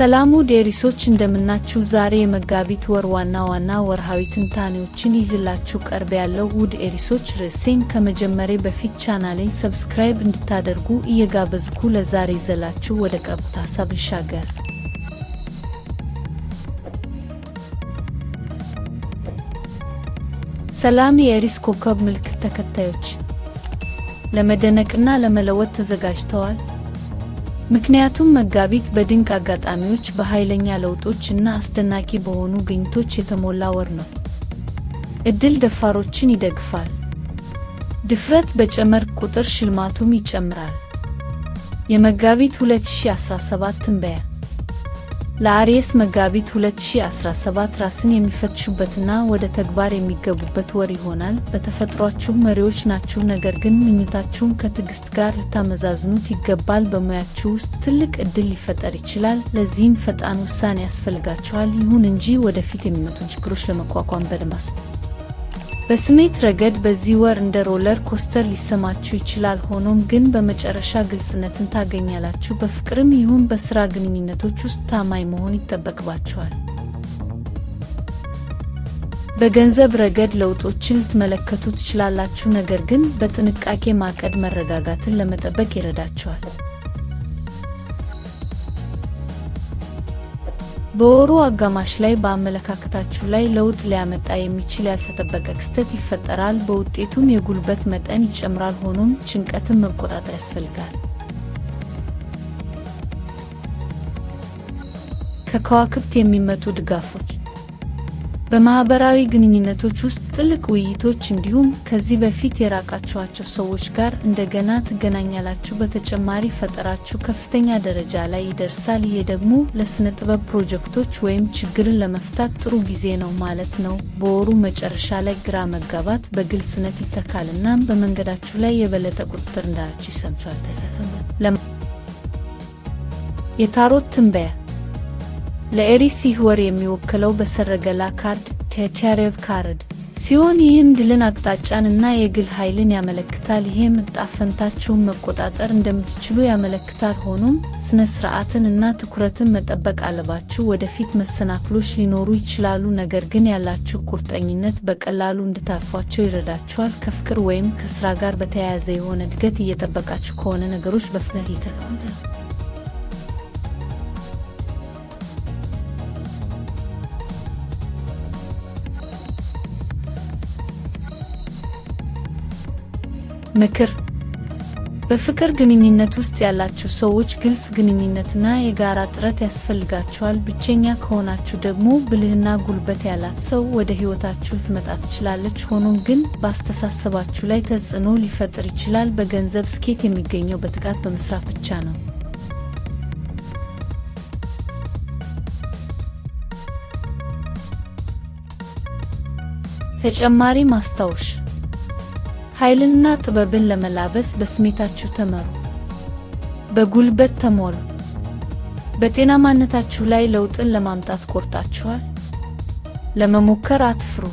ሰላሙ ዴሪሶች እንደምናችሁ። ዛሬ የመጋቢት ወር ዋና ዋና ወርሃዊ ትንታኔዎችን ይዤላችሁ ቀርብ ያለው ውድ ኤሪሶች፣ ርዕሴን ከመጀመሬ በፊት ቻናሌን ሰብስክራይብ እንድታደርጉ እየጋበዝኩ ለዛሬ ይዘላችሁ ወደ ቀርቡት ሀሳብ ልሻገር። ሰላም የኤሪስ ኮከብ ምልክት ተከታዮች ለመደነቅና ለመለወጥ ተዘጋጅተዋል። ምክንያቱም መጋቢት በድንቅ አጋጣሚዎች፣ በኃይለኛ ለውጦች እና አስደናቂ በሆኑ ግኝቶች የተሞላ ወር ነው። ዕድል ደፋሮችን ይደግፋል። ድፍረት በጨመር ቁጥር ሽልማቱም ይጨምራል። የመጋቢት 2017 ትንበያ ለአሪየስ መጋቢት 2017 ራስን የሚፈትሹበትና ወደ ተግባር የሚገቡበት ወር ይሆናል። በተፈጥሯችሁ መሪዎች ናችሁ፣ ነገር ግን ምኞታችሁን ከትዕግስት ጋር ልታመዛዝኑት ይገባል። በሙያችሁ ውስጥ ትልቅ እድል ሊፈጠር ይችላል። ለዚህም ፈጣን ውሳኔ ያስፈልጋችኋል። ይሁን እንጂ ወደፊት የሚመጡ ችግሮች ለመቋቋም በደንብ አስቡ። በስሜት ረገድ በዚህ ወር እንደ ሮለር ኮስተር ሊሰማችሁ ይችላል። ሆኖም ግን በመጨረሻ ግልጽነትን ታገኛላችሁ። በፍቅርም ይሁን በስራ ግንኙነቶች ውስጥ ታማኝ መሆን ይጠበቅባችኋል። በገንዘብ ረገድ ለውጦችን ልትመለከቱ ትችላላችሁ፣ ነገር ግን በጥንቃቄ ማቀድ መረጋጋትን ለመጠበቅ ይረዳችኋል። በወሩ አጋማሽ ላይ በአመለካከታችሁ ላይ ለውጥ ሊያመጣ የሚችል ያልተጠበቀ ክስተት ይፈጠራል። በውጤቱም የጉልበት መጠን ይጨምራል። ሆኖም ጭንቀትን መቆጣጠር ያስፈልጋል። ከከዋክብት የሚመጡ ድጋፎች በማህበራዊ ግንኙነቶች ውስጥ ጥልቅ ውይይቶች እንዲሁም ከዚህ በፊት የራቃችኋቸው ሰዎች ጋር እንደገና ትገናኛላችሁ። በተጨማሪ ፈጠራችሁ ከፍተኛ ደረጃ ላይ ይደርሳል። ይሄ ደግሞ ለስነ ጥበብ ፕሮጀክቶች ወይም ችግርን ለመፍታት ጥሩ ጊዜ ነው ማለት ነው። በወሩ መጨረሻ ላይ ግራ መጋባት በግልጽነት ይተካልና በመንገዳችሁ ላይ የበለጠ ቁጥጥር እንዳላችሁ ይሰምቷል። የታሮት ትንበያ ለኤሪሲ ወር የሚወክለው በሰረገላ ካርድ ቴቴሬቭ ካርድ ሲሆን ይህም ድልን አቅጣጫንና የግል ኃይልን ያመለክታል። ይህም ዕጣ መቆጣጠር እንደምትችሉ ያመለክታል። ሆኖም ስነ ስርዓትን እና ትኩረትን መጠበቅ አለባችሁ። ወደፊት መሰናክሎች ሊኖሩ ይችላሉ፣ ነገር ግን ያላችሁ ቁርጠኝነት በቀላሉ እንድታልፏቸው ይረዳችኋል። ከፍቅር ወይም ከስራ ጋር በተያያዘ የሆነ እድገት እየጠበቃችሁ ከሆነ ነገሮች በፍጥነት ይተካል። ምክር በፍቅር ግንኙነት ውስጥ ያላችሁ ሰዎች ግልጽ ግንኙነትና የጋራ ጥረት ያስፈልጋችኋል። ብቸኛ ከሆናችሁ ደግሞ ብልህና ጉልበት ያላት ሰው ወደ ሕይወታችሁ ልትመጣ ትችላለች። ሆኖም ግን በአስተሳሰባችሁ ላይ ተጽዕኖ ሊፈጥር ይችላል። በገንዘብ ስኬት የሚገኘው በትጋት በመስራት ብቻ ነው። ተጨማሪ ማስታወሻ ኃይልና ጥበብን ለመላበስ በስሜታችሁ ተመሩ። በጉልበት ተሞሉ። በጤናማነታችሁ ላይ ለውጥን ለማምጣት ቆርጣችኋል። ለመሞከር አትፍሩ።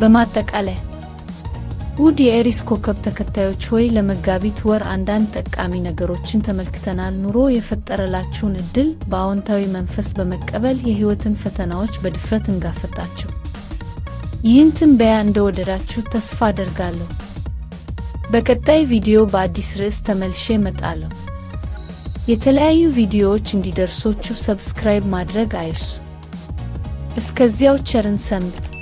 በማጠቃለያ ውድ የኤሪስ ኮከብ ተከታዮች ሆይ ለመጋቢት ወር አንዳንድ ጠቃሚ ነገሮችን ተመልክተናል። ኑሮ የፈጠረላችሁን እድል በአዎንታዊ መንፈስ በመቀበል የህይወትን ፈተናዎች በድፍረት እንጋፈጣቸው። ይህን ትንበያ እንደወደዳችሁ ተስፋ አደርጋለሁ። በቀጣይ ቪዲዮ በአዲስ ርዕስ ተመልሼ እመጣለሁ። የተለያዩ ቪዲዮዎች እንዲደርሶችሁ ሰብስክራይብ ማድረግ አይርሱ። እስከዚያው ቸርን ሰንብት።